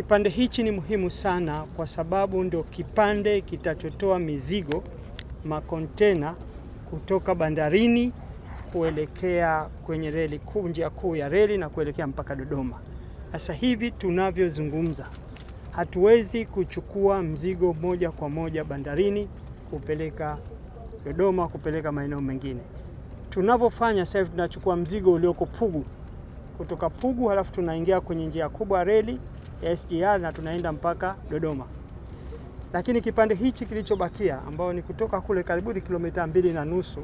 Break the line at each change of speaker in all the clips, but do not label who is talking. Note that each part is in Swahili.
Kipande hichi ni muhimu sana kwa sababu ndio kipande kitachotoa mizigo makontena kutoka bandarini kuelekea kwenye reli kuu, njia kuu ya reli na kuelekea mpaka Dodoma. Sasa hivi tunavyozungumza, hatuwezi kuchukua mzigo moja kwa moja bandarini kupeleka Dodoma, kupeleka maeneo mengine. Tunavyofanya sasa hivi tunachukua mzigo ulioko Pugu, kutoka Pugu halafu tunaingia kwenye njia kubwa reli ya SGR na tunaenda mpaka Dodoma. Lakini kipande hichi kilichobakia ambao ni kutoka kule karibuni kilomita mbili na nusu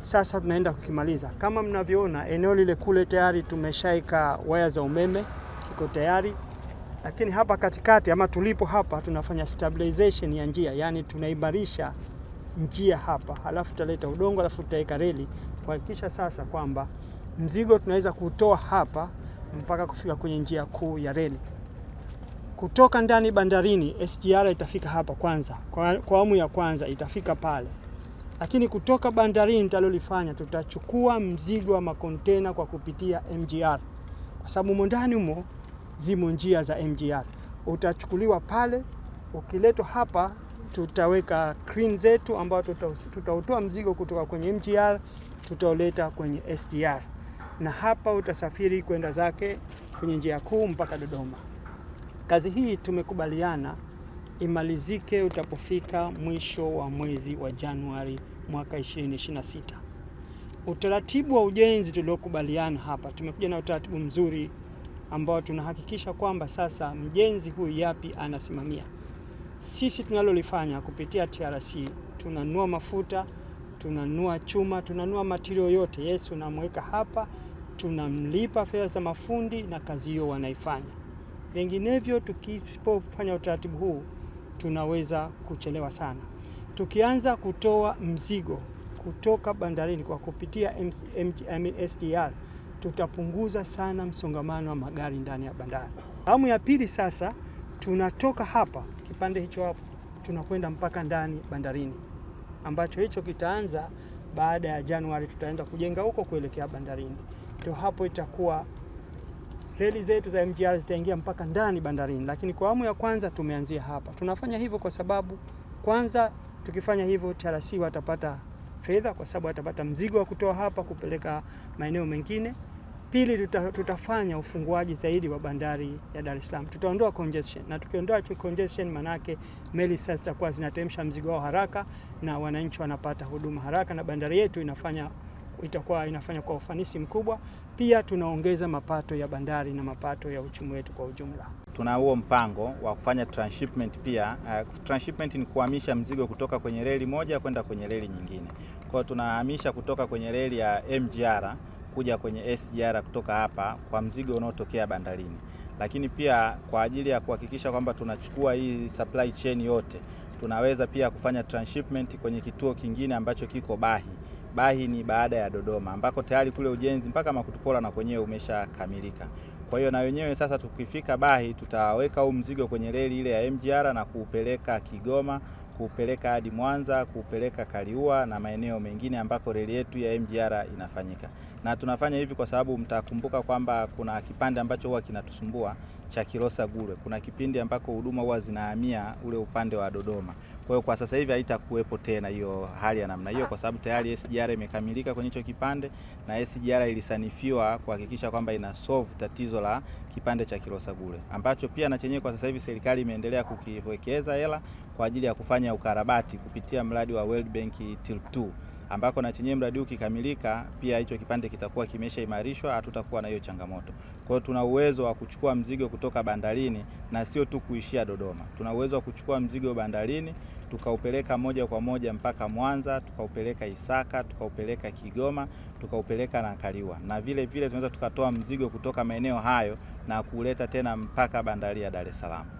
sasa tunaenda kukimaliza. Kama mnavyoona, eneo lile kule tayari tumeshaika waya za umeme, kiko tayari. Lakini hapa katikati ama tulipo hapa tunafanya stabilization ya njia, yaani tunaimarisha njia hapa, halafu tutaleta udongo, halafu tutaweka reli kuhakikisha sasa kwamba mzigo tunaweza kutoa hapa mpaka kufika kwenye njia kuu ya reli. Kutoka ndani bandarini, SGR itafika hapa kwanza, kwa awamu ya kwanza itafika pale, lakini kutoka bandarini nitalolifanya, tutachukua mzigo wa makontena kwa kupitia MGR, kwa sababu mo ndani humo zimo njia za MGR. Utachukuliwa pale, ukiletwa hapa tutaweka crane zetu ambayo tutautoa mzigo kutoka kwenye MGR tutaoleta kwenye SGR na hapa utasafiri kwenda zake kwenye njia kuu mpaka Dodoma. Kazi hii tumekubaliana imalizike utapofika mwisho wa mwezi wa Januari mwaka 2026. Utaratibu wa ujenzi tuliokubaliana hapa, tumekuja na utaratibu mzuri ambao tunahakikisha kwamba sasa mjenzi huyu yapi anasimamia. Sisi tunalolifanya kupitia TRC, tunanua mafuta, tunanua chuma, tunanua matirio yote. Yesu namweka hapa tunamlipa fedha za mafundi na kazi hiyo wanaifanya. Vinginevyo tukisipofanya utaratibu huu tunaweza kuchelewa sana. Tukianza kutoa mzigo kutoka bandarini kwa kupitia SDR tutapunguza sana msongamano wa magari ndani ya bandari. Awamu ya pili sasa, tunatoka hapa kipande hicho hapo tunakwenda mpaka ndani bandarini, ambacho hicho kitaanza baada ya Januari. Tutaenda kujenga huko kuelekea bandarini ndio hapo itakuwa reli zetu za MGR zitaingia mpaka ndani bandarini. Lakini kwa awamu ya kwanza tumeanzia hapa. Tunafanya hivyo kwa sababu kwanza, tukifanya hivyo TRC watapata fedha, kwa sababu watapata mzigo wa kutoa hapa kupeleka maeneo mengine. Pili, tuta, tutafanya ufunguaji zaidi wa bandari ya Dar es Salaam, tutaondoa congestion, na tukiondoa congestion, manake meli sasa zitakuwa zinatemsha mzigo wao haraka na wananchi wanapata huduma haraka, na bandari yetu inafanya itakuwa inafanya kwa ufanisi mkubwa. Pia tunaongeza mapato ya bandari na mapato ya uchumi wetu kwa ujumla.
Tuna huo mpango wa kufanya transshipment pia. Uh, transshipment ni kuhamisha mzigo kutoka kwenye reli moja kwenda kwenye reli nyingine. Kwa hiyo tunahamisha kutoka kwenye reli ya MGR kuja kwenye SGR kutoka hapa kwa mzigo unaotokea bandarini, lakini pia kwa ajili ya kuhakikisha kwamba tunachukua hii supply chain yote tunaweza pia kufanya transshipment kwenye kituo kingine ambacho kiko Bahi Bahi ni baada ya Dodoma ambako tayari kule ujenzi mpaka Makutupora na kwenyewe umeshakamilika. Kwa hiyo na wenyewe sasa tukifika Bahi tutaweka huu mzigo kwenye reli ile ya MGR na kuupeleka Kigoma, kuupeleka hadi Mwanza, kuupeleka Kaliua na maeneo mengine ambako reli yetu ya MGR inafanyika na tunafanya hivi kwa sababu mtakumbuka kwamba kuna kipande ambacho huwa kinatusumbua cha Kilosa Gulwe. Kuna kipindi ambako huduma huwa zinahamia ule upande wa Dodoma. Kwa hiyo kwa sasa hivi haitakuwepo tena hiyo hali ya namna hiyo, kwa sababu tayari SGR imekamilika kwenye hicho kipande na SGR ilisanifiwa kuhakikisha kwamba ina solve tatizo la kipande cha Kilosa Gulwe ambacho pia na chenyewe kwa sasa hivi serikali imeendelea kukiwekeza hela kwa ajili ya kufanya ukarabati kupitia mradi wa World Bank TILP2 ambako na chenyewe mradi huu kikamilika, pia hicho kipande kitakuwa kimeshaimarishwa, hatutakuwa na hiyo changamoto. Kwa hiyo tuna uwezo wa kuchukua mzigo kutoka bandarini na sio tu kuishia Dodoma. Tuna uwezo wa kuchukua mzigo bandarini tukaupeleka moja kwa moja mpaka Mwanza, tukaupeleka Isaka, tukaupeleka Kigoma, tukaupeleka na Kaliwa, na vile vile tunaweza tukatoa mzigo kutoka maeneo hayo na kuleta tena mpaka bandari ya Dar es Salaam.